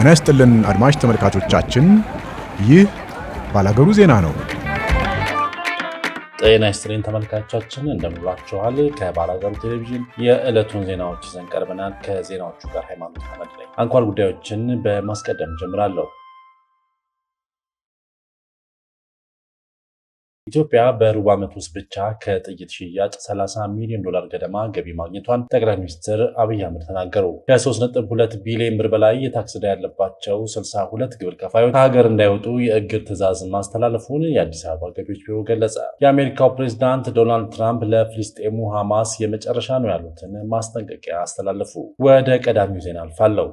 ጤና ይስጥልን አድማጭ ተመልካቾቻችን፣ ይህ ባላገሩ ዜና ነው። ጤና ይስጥልን ተመልካቾቻችን፣ እንደምንላችኋል። ከባላገሩ ቴሌቪዥን የዕለቱን ዜናዎች ይዘን ቀርበናል። ከዜናዎቹ ጋር ሃይማኖት አመድ አንኳር ጉዳዮችን በማስቀደም ጀምራለሁ። ኢትዮጵያ በሩብ ዓመት ውስጥ ብቻ ከጥይት ሽያጭ 30 ሚሊዮን ዶላር ገደማ ገቢ ማግኘቷን ጠቅላይ ሚኒስትር አብይ አህመድ ተናገሩ። ከ3.2 ቢሊዮን ብር በላይ የታክስ ዕዳ ያለባቸው 62 ግብር ከፋዮች ከሀገር እንዳይወጡ የእግድ ትዕዛዝ ማስተላለፉን የአዲስ አበባ ገቢዎች ቢሮ ገለጸ። የአሜሪካው ፕሬዚዳንት ዶናልድ ትራምፕ ለፍልስጤሙ ሐማስ የመጨረሻ ነው ያሉትን ማስጠንቀቂያ አስተላለፉ። ወደ ቀዳሚው ዜና አልፋለሁ።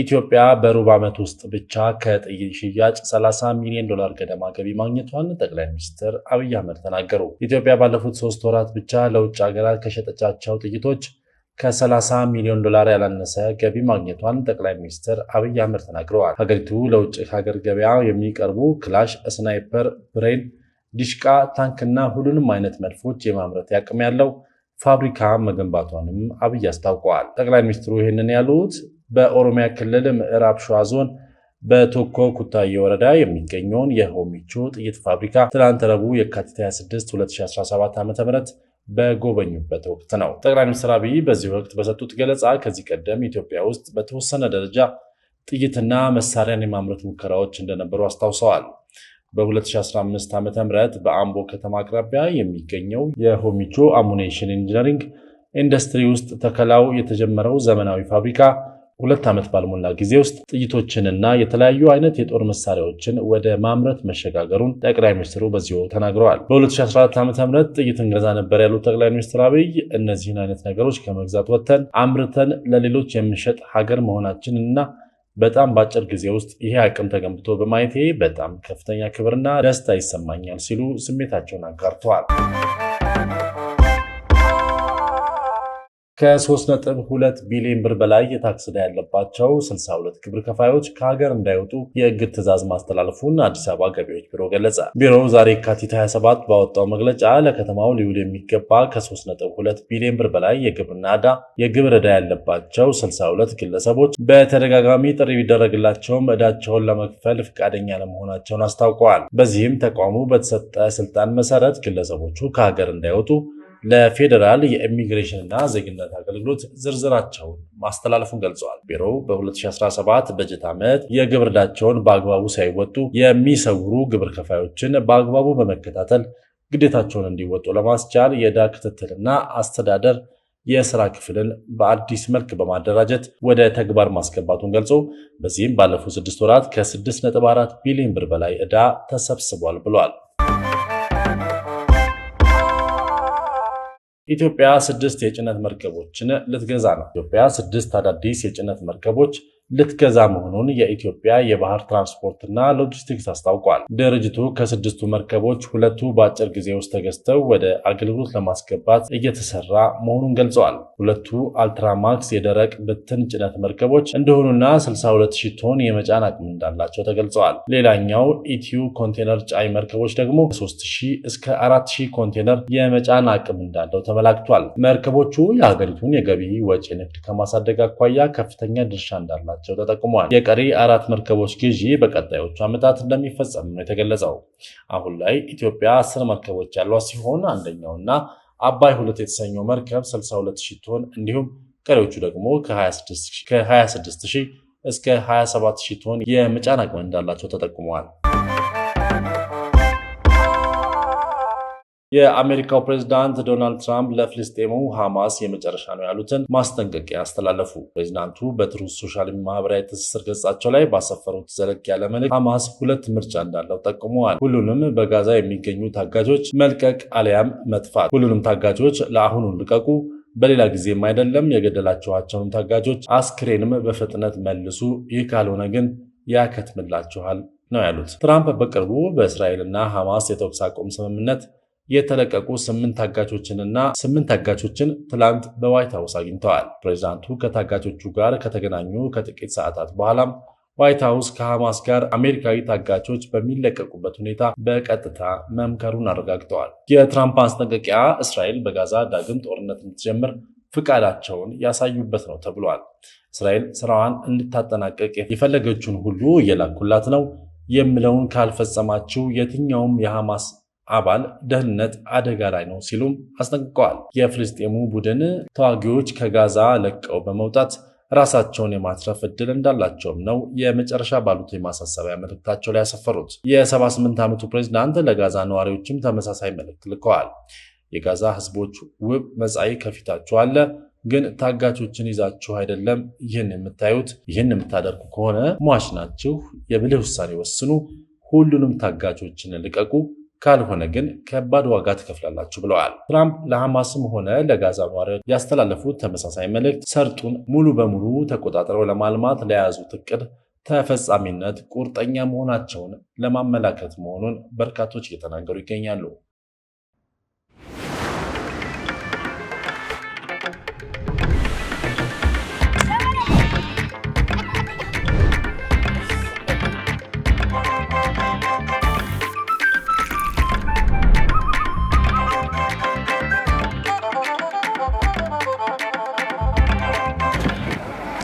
ኢትዮጵያ በሩብ ዓመት ውስጥ ብቻ ከጥይት ሽያጭ 30 ሚሊዮን ዶላር ገደማ ገቢ ማግኘቷን ጠቅላይ ሚኒስትር አብይ አህመድ ተናገሩ። ኢትዮጵያ ባለፉት ሶስት ወራት ብቻ ለውጭ ሀገራት ከሸጠቻቸው ጥይቶች ከ30 ሚሊዮን ዶላር ያላነሰ ገቢ ማግኘቷን ጠቅላይ ሚኒስትር አብይ አህመድ ተናግረዋል። ሀገሪቱ ለውጭ ሀገር ገበያ የሚቀርቡ ክላሽ፣ ስናይፐር፣ ብሬን፣ ዲሽቃ፣ ታንክና ሁሉንም አይነት መድፎች የማምረት አቅም ያለው ፋብሪካ መገንባቷንም አብይ አስታውቀዋል። ጠቅላይ ሚኒስትሩ ይህንን ያሉት በኦሮሚያ ክልል ምዕራብ ሸዋ ዞን በቶኮ ኩታዬ ወረዳ የሚገኘውን የሆሚቾ ጥይት ፋብሪካ ትላንት ረቡዕ የካቲት 26 2017 ዓ ም በጎበኙበት ወቅት ነው። ጠቅላይ ሚኒስትር አብይ በዚህ ወቅት በሰጡት ገለጻ ከዚህ ቀደም ኢትዮጵያ ውስጥ በተወሰነ ደረጃ ጥይትና መሳሪያን የማምረት ሙከራዎች እንደነበሩ አስታውሰዋል። በ2015 ዓ ም በአምቦ ከተማ አቅራቢያ የሚገኘው የሆሚቾ አሙኔሽን ኢንጂነሪንግ ኢንዱስትሪ ውስጥ ተከላው የተጀመረው ዘመናዊ ፋብሪካ ሁለት ዓመት ባልሞላ ጊዜ ውስጥ ጥይቶችንና የተለያዩ አይነት የጦር መሳሪያዎችን ወደ ማምረት መሸጋገሩን ጠቅላይ ሚኒስትሩ በዚሁ ተናግረዋል። በ2014 ዓ ም ጥይት እንገዛ ነበር ያሉት ጠቅላይ ሚኒስትር አብይ እነዚህን አይነት ነገሮች ከመግዛት ወጥተን አምርተን ለሌሎች የምንሸጥ ሀገር መሆናችን እና በጣም በአጭር ጊዜ ውስጥ ይሄ አቅም ተገንብቶ በማየቴ በጣም ከፍተኛ ክብርና ደስታ ይሰማኛል ሲሉ ስሜታቸውን አጋርተዋል። ከ3.2 ቢሊዮን ብር በላይ የታክስ ዕዳ ያለባቸው 62 ግብር ከፋዮች ከሀገር እንዳይወጡ የእግድ ትዕዛዝ ማስተላለፉን አዲስ አበባ ገቢዎች ቢሮ ገለጸ። ቢሮው ዛሬ የካቲት 27 ባወጣው መግለጫ ለከተማው ሊውል የሚገባ ከ3.2 ቢሊዮን ብር በላይ የግብርና ዕዳ የግብር ዕዳ ያለባቸው 62 ግለሰቦች በተደጋጋሚ ጥሪ ቢደረግላቸውም ዕዳቸውን ለመክፈል ፈቃደኛ ለመሆናቸውን አስታውቀዋል። በዚህም ተቋሙ በተሰጠ ስልጣን መሰረት ግለሰቦቹ ከሀገር እንዳይወጡ ለፌዴራል የኢሚግሬሽንና ዜግነት አገልግሎት ዝርዝራቸውን ማስተላለፉን ገልጸዋል። ቢሮው በ2017 በጀት ዓመት የግብር ዕዳቸውን በአግባቡ ሳይወጡ የሚሰውሩ ግብር ከፋዮችን በአግባቡ በመከታተል ግዴታቸውን እንዲወጡ ለማስቻል የዕዳ ክትትልና አስተዳደር የስራ ክፍልን በአዲስ መልክ በማደራጀት ወደ ተግባር ማስገባቱን ገልጾ በዚህም ባለፉት ስድስት ወራት ከ6.4 ቢሊዮን ብር በላይ ዕዳ ተሰብስቧል ብሏል። ኢትዮጵያ ስድስት የጭነት መርከቦችን ልትገዛ ነው። ኢትዮጵያ ስድስት አዳዲስ የጭነት መርከቦች ልትገዛ መሆኑን የኢትዮጵያ የባህር ትራንስፖርትና ሎጂስቲክስ አስታውቋል። ድርጅቱ ከስድስቱ መርከቦች ሁለቱ በአጭር ጊዜ ውስጥ ተገዝተው ወደ አገልግሎት ለማስገባት እየተሰራ መሆኑን ገልጸዋል። ሁለቱ አልትራማክስ የደረቅ ብትን ጭነት መርከቦች እንደሆኑና 62 ቶን የመጫን አቅም እንዳላቸው ተገልጸዋል። ሌላኛው ኢትዩ ኮንቴነር ጫይ መርከቦች ደግሞ ከ3000 እስከ 4000 ኮንቴነር የመጫን አቅም እንዳለው ተመላክቷል። መርከቦቹ የሀገሪቱን የገቢ ወጪ ንግድ ከማሳደግ አኳያ ከፍተኛ ድርሻ እንዳላቸው መሆናቸው ተጠቁሟል። የቀሪ አራት መርከቦች ግዢ በቀጣዮቹ ዓመታት እንደሚፈጸም ነው የተገለጸው። አሁን ላይ ኢትዮጵያ አስር መርከቦች ያሏት ሲሆን አንደኛውና አባይ ሁለት የተሰኘው መርከብ 62 ቶን እንዲሁም ቀሪዎቹ ደግሞ ከ26 እስከ 27 ቶን የመጫን አቅም እንዳላቸው ተጠቁመዋል። የአሜሪካው ፕሬዝዳንት ዶናልድ ትራምፕ ለፍልስጤሙ ሐማስ የመጨረሻ ነው ያሉትን ማስጠንቀቂያ አስተላለፉ። ፕሬዝዳንቱ በትሩዝ ሶሻል ማህበራዊ ትስስር ገጻቸው ላይ ባሰፈሩት ዘለግ ያለ መልእክት ሐማስ ሁለት ምርጫ እንዳለው ጠቁመዋል። ሁሉንም በጋዛ የሚገኙ ታጋጆች መልቀቅ አሊያም መጥፋት። ሁሉንም ታጋጆች ለአሁኑ ልቀቁ፣ በሌላ ጊዜም አይደለም። የገደላችኋቸውን ታጋጆች አስክሬንም በፍጥነት መልሱ። ይህ ካልሆነ ግን ያከትምላችኋል ነው ያሉት። ትራምፕ በቅርቡ በእስራኤልና ሐማስ የተኩስ አቁም ስምምነት የተለቀቁ ስምንት ታጋቾችንና ስምንት አጋቾችን ትላንት በዋይት ሀውስ አግኝተዋል። ፕሬዚዳንቱ ከታጋቾቹ ጋር ከተገናኙ ከጥቂት ሰዓታት በኋላም ዋይት ሀውስ ከሐማስ ጋር አሜሪካዊ ታጋቾች በሚለቀቁበት ሁኔታ በቀጥታ መምከሩን አረጋግጠዋል። የትራምፕ ማስጠንቀቂያ እስራኤል በጋዛ ዳግም ጦርነት እንድትጀምር ፍቃዳቸውን ያሳዩበት ነው ተብሏል። እስራኤል ስራዋን እንድታጠናቀቅ የፈለገችውን ሁሉ እየላኩላት ነው የሚለውን ካልፈጸማችው የትኛውም የሐማስ አባል ደህንነት አደጋ ላይ ነው ሲሉም አስጠንቅቀዋል። የፍልስጤሙ ቡድን ተዋጊዎች ከጋዛ ለቀው በመውጣት ራሳቸውን የማትረፍ እድል እንዳላቸውም ነው የመጨረሻ ባሉት የማሳሰቢያ መልእክታቸው ላይ ያሰፈሩት። የ78 ዓመቱ ፕሬዚዳንት ለጋዛ ነዋሪዎችም ተመሳሳይ መልእክት ልከዋል። የጋዛ ህዝቦች ውብ መጻኢ ከፊታችሁ አለ፣ ግን ታጋቾችን ይዛችሁ አይደለም ይህን የምታዩት። ይህን የምታደርጉ ከሆነ ሟች ናችሁ። የብልህ ውሳኔ ወስኑ። ሁሉንም ታጋቾችን ልቀቁ። ካልሆነ ግን ከባድ ዋጋ ትከፍላላችሁ ብለዋል። ትራምፕ ለሐማስም ሆነ ለጋዛ ነዋሪዎች ያስተላለፉት ተመሳሳይ መልእክት ሰርጡን ሙሉ በሙሉ ተቆጣጥረው ለማልማት ለያዙት እቅድ ተፈጻሚነት ቁርጠኛ መሆናቸውን ለማመላከት መሆኑን በርካቶች እየተናገሩ ይገኛሉ።